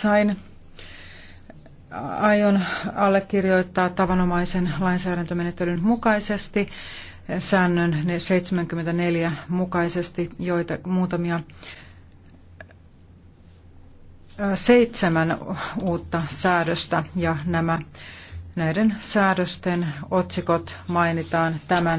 sain, aion allekirjoittaa tavanomaisen lainsäädäntömenettelyn mukaisesti säännön 74 mukaisesti, joita muutamia seitsemän uutta säädöstä ja nämä näiden säädösten otsikot mainitaan tämän